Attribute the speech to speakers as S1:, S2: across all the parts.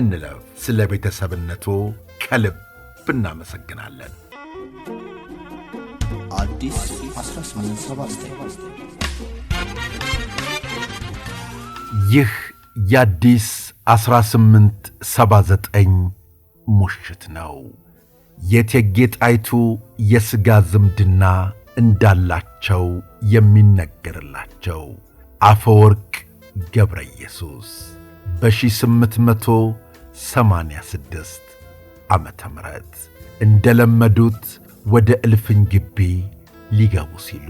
S1: እንለፍ። ስለ ቤተሰብነቱ ከልብ እናመሰግናለን። ይህ የአዲስ 1879 ሙሽት ነው። የእቴጌ ጣይቱ የሥጋ ዝምድና እንዳላቸው የሚነገርላቸው አፈወርቅ ገብረ ኢየሱስ በ1886 ዓ ም እንደለመዱት ወደ እልፍኝ ግቢ ሊገቡ ሲሉ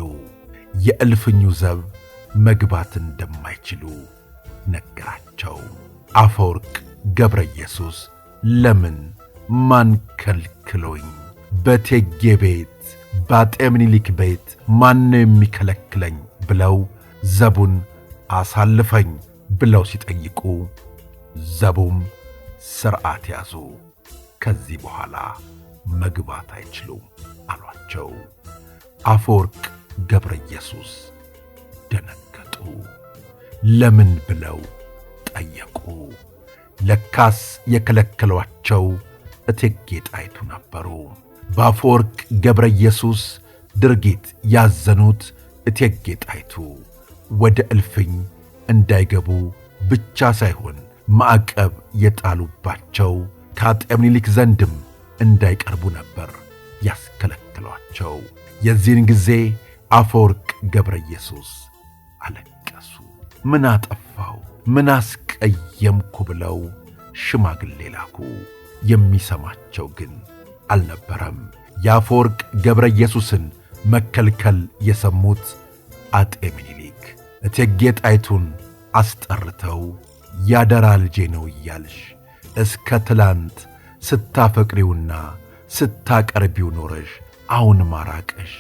S1: የእልፍኙ ዘብ መግባት እንደማይችሉ ነገራቸው። አፈወርቅ ገብረ ኢየሱስ ለምን ማን ከልክሎኝ? በቴጌ ቤት በአጤ ምኒልክ ቤት ማነው የሚከለክለኝ? ብለው ዘቡን አሳልፈኝ ብለው ሲጠይቁ ዘቡም ስርዓት ያዙ፣ ከዚህ በኋላ መግባት አይችሉም አሏቸው። አፈወርቅ ገብረ ኢየሱስ ደነገጡ። ለምን ብለው ጠየቁ። ለካስ የከለከሏቸው እቴጌ ጣይቱ ነበሩ። በአፈወርቅ ገብረ ኢየሱስ ድርጊት ያዘኑት እቴጌ ጣይቱ ወደ እልፍኝ እንዳይገቡ ብቻ ሳይሆን ማዕቀብ የጣሉባቸው ከአጤ ምኒልክ ዘንድም እንዳይቀርቡ ነበር ያስከለክሏቸው። የዚህን ጊዜ አፈወርቅ ገብረ ኢየሱስ አለቀሱ። ምን አጠፋው? ምን አስቀየምኩ? ብለው ሽማግሌ ላኩ። የሚሰማቸው ግን አልነበረም። የአፈወርቅ ገብረ ኢየሱስን መከልከል የሰሙት አጤ ምኒልክ እቴጌ ጣይቱን አስጠርተው ያደራ ልጄ ነው እያልሽ እስከ ትላንት ስታፈቅሪውና ስታቀርቢው ኖረሽ አሁን ማራቅሽ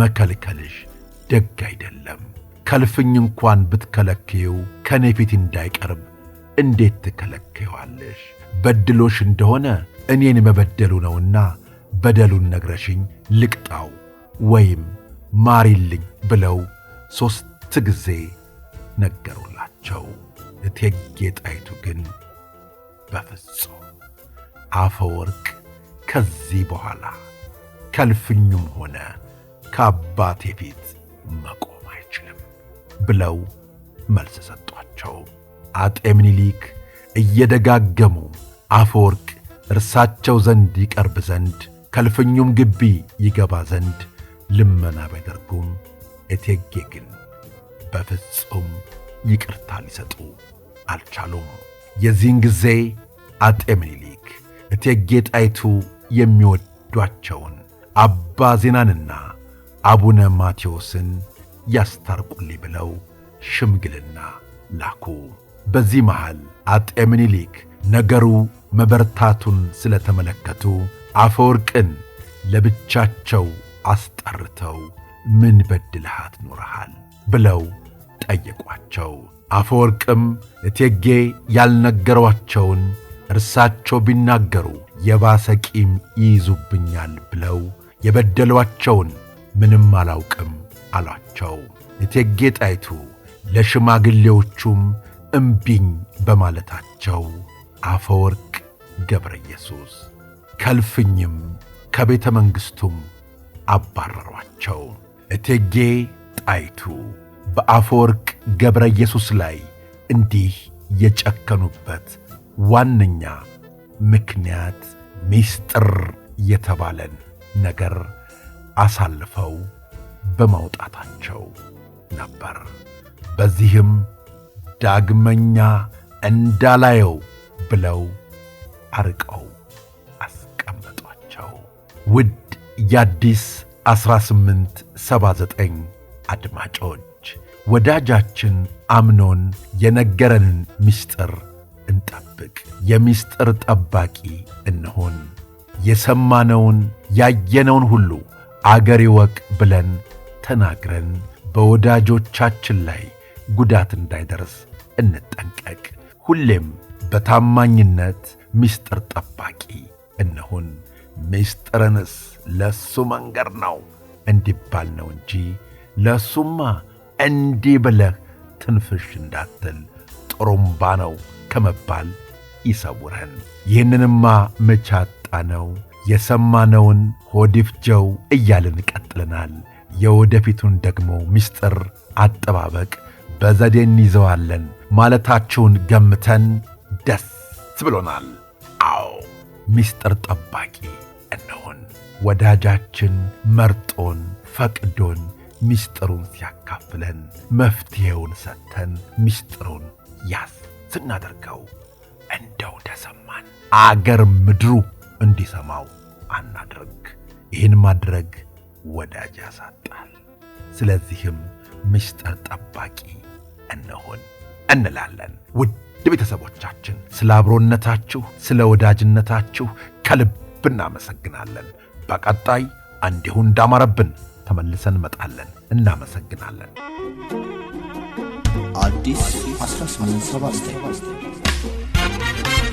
S1: መከልከልሽ ደግ አይደለም። ከልፍኝ እንኳን ብትከለክዩው ከእኔ ፊት እንዳይቀርብ እንዴት ትከለክዩዋለሽ? በድሎሽ እንደሆነ እኔን መበደሉ ነውና በደሉን ነግረሽኝ ልቅጣው ወይም ማሪልኝ ብለው ሦስት አራት ጊዜ ነገሩላቸው። እቴጌ ጣይቱ ግን በፍጹም አፈወርቅ ከዚህ በኋላ ከልፍኙም ሆነ ከአባቴ ፊት መቆም አይችልም ብለው መልስ ሰጧቸው። አጤ ምኒልክ እየደጋገሙ አፈወርቅ እርሳቸው ዘንድ ይቀርብ ዘንድ ከልፍኙም ግቢ ይገባ ዘንድ ልመና ባይደርጉም እቴጌ ግን በፍጹም ይቅርታ ሊሰጡ አልቻሉም። የዚህን ጊዜ አጤ ምኒልክ እቴጌ ጣይቱ የሚወዷቸውን አባ ዜናንና አቡነ ማቴዎስን ያስታርቁልኝ ብለው ሽምግልና ላኩ። በዚህ መሃል አጤ ምኒልክ ነገሩ መበርታቱን ስለተመለከቱ አፈወርቅን ለብቻቸው አስጠርተው ምን በድልሃት ኖረሃል ብለው ጠየቋቸው። አፈወርቅም እቴጌ ያልነገሯቸውን እርሳቸው ቢናገሩ የባሰ ቂም ይይዙብኛል ብለው የበደሏቸውን ምንም አላውቅም አሏቸው። እቴጌ ጣይቱ ለሽማግሌዎቹም እምቢኝ በማለታቸው አፈወርቅ ገብረ ኢየሱስ ከልፍኝም ከቤተ መንግሥቱም አባረሯቸው። እቴጌ ጣይቱ በአፈወርቅ ገብረ ኢየሱስ ላይ እንዲህ የጨከኑበት ዋነኛ ምክንያት ሚስጥር የተባለን ነገር አሳልፈው በማውጣታቸው ነበር። በዚህም ዳግመኛ እንዳላየው ብለው አርቀው አስቀመጧቸው። ውድ የአዲስ 1879 አድማጮች ወዳጃችን አምኖን የነገረንን ምስጢር እንጠብቅ። የምስጢር ጠባቂ እንሆን። የሰማነውን ያየነውን ሁሉ አገር ይወቅ ብለን ተናግረን በወዳጆቻችን ላይ ጉዳት እንዳይደርስ እንጠንቀቅ። ሁሌም በታማኝነት ምስጢር ጠባቂ እንሁን። ምስጢርንስ ለእሱ መንገር ነው እንዲባል ነው እንጂ ለእሱማ እንዲህ ብለህ ትንፍሽ እንዳትል ጥሩምባ ነው ከመባል ይሰውረን። ይህንንማ መቻጣ ነው የሰማነውን ሆዲፍጀው እያልን ቀጥለናል። የወደፊቱን ደግሞ ምስጢር አጠባበቅ በዘዴ እንይዘዋለን ማለታችሁን ገምተን ደስ ብሎናል። አዎ ምስጢር ጠባቂ እንሆን። ወዳጃችን መርጦን ፈቅዶን ምስጢሩን ሲያካፍለን መፍትሔውን ሰጥተን ምስጢሩን ያዝ ስናደርገው እንደው ተሰማን። አገር ምድሩ እንዲሰማው አናድርግ። ይህን ማድረግ ወዳጅ ያሳጣል። ስለዚህም ምስጢር ጠባቂ እንሆን እንላለን። ውድ ቤተሰቦቻችን ስለ አብሮነታችሁ፣ ስለ ወዳጅነታችሁ ከልብ እናመሰግናለን። በቀጣይ እንዲሁ እንዳማረብን ተመልሰን እንመጣለን። እናመሰግናለን። አዲስ 1879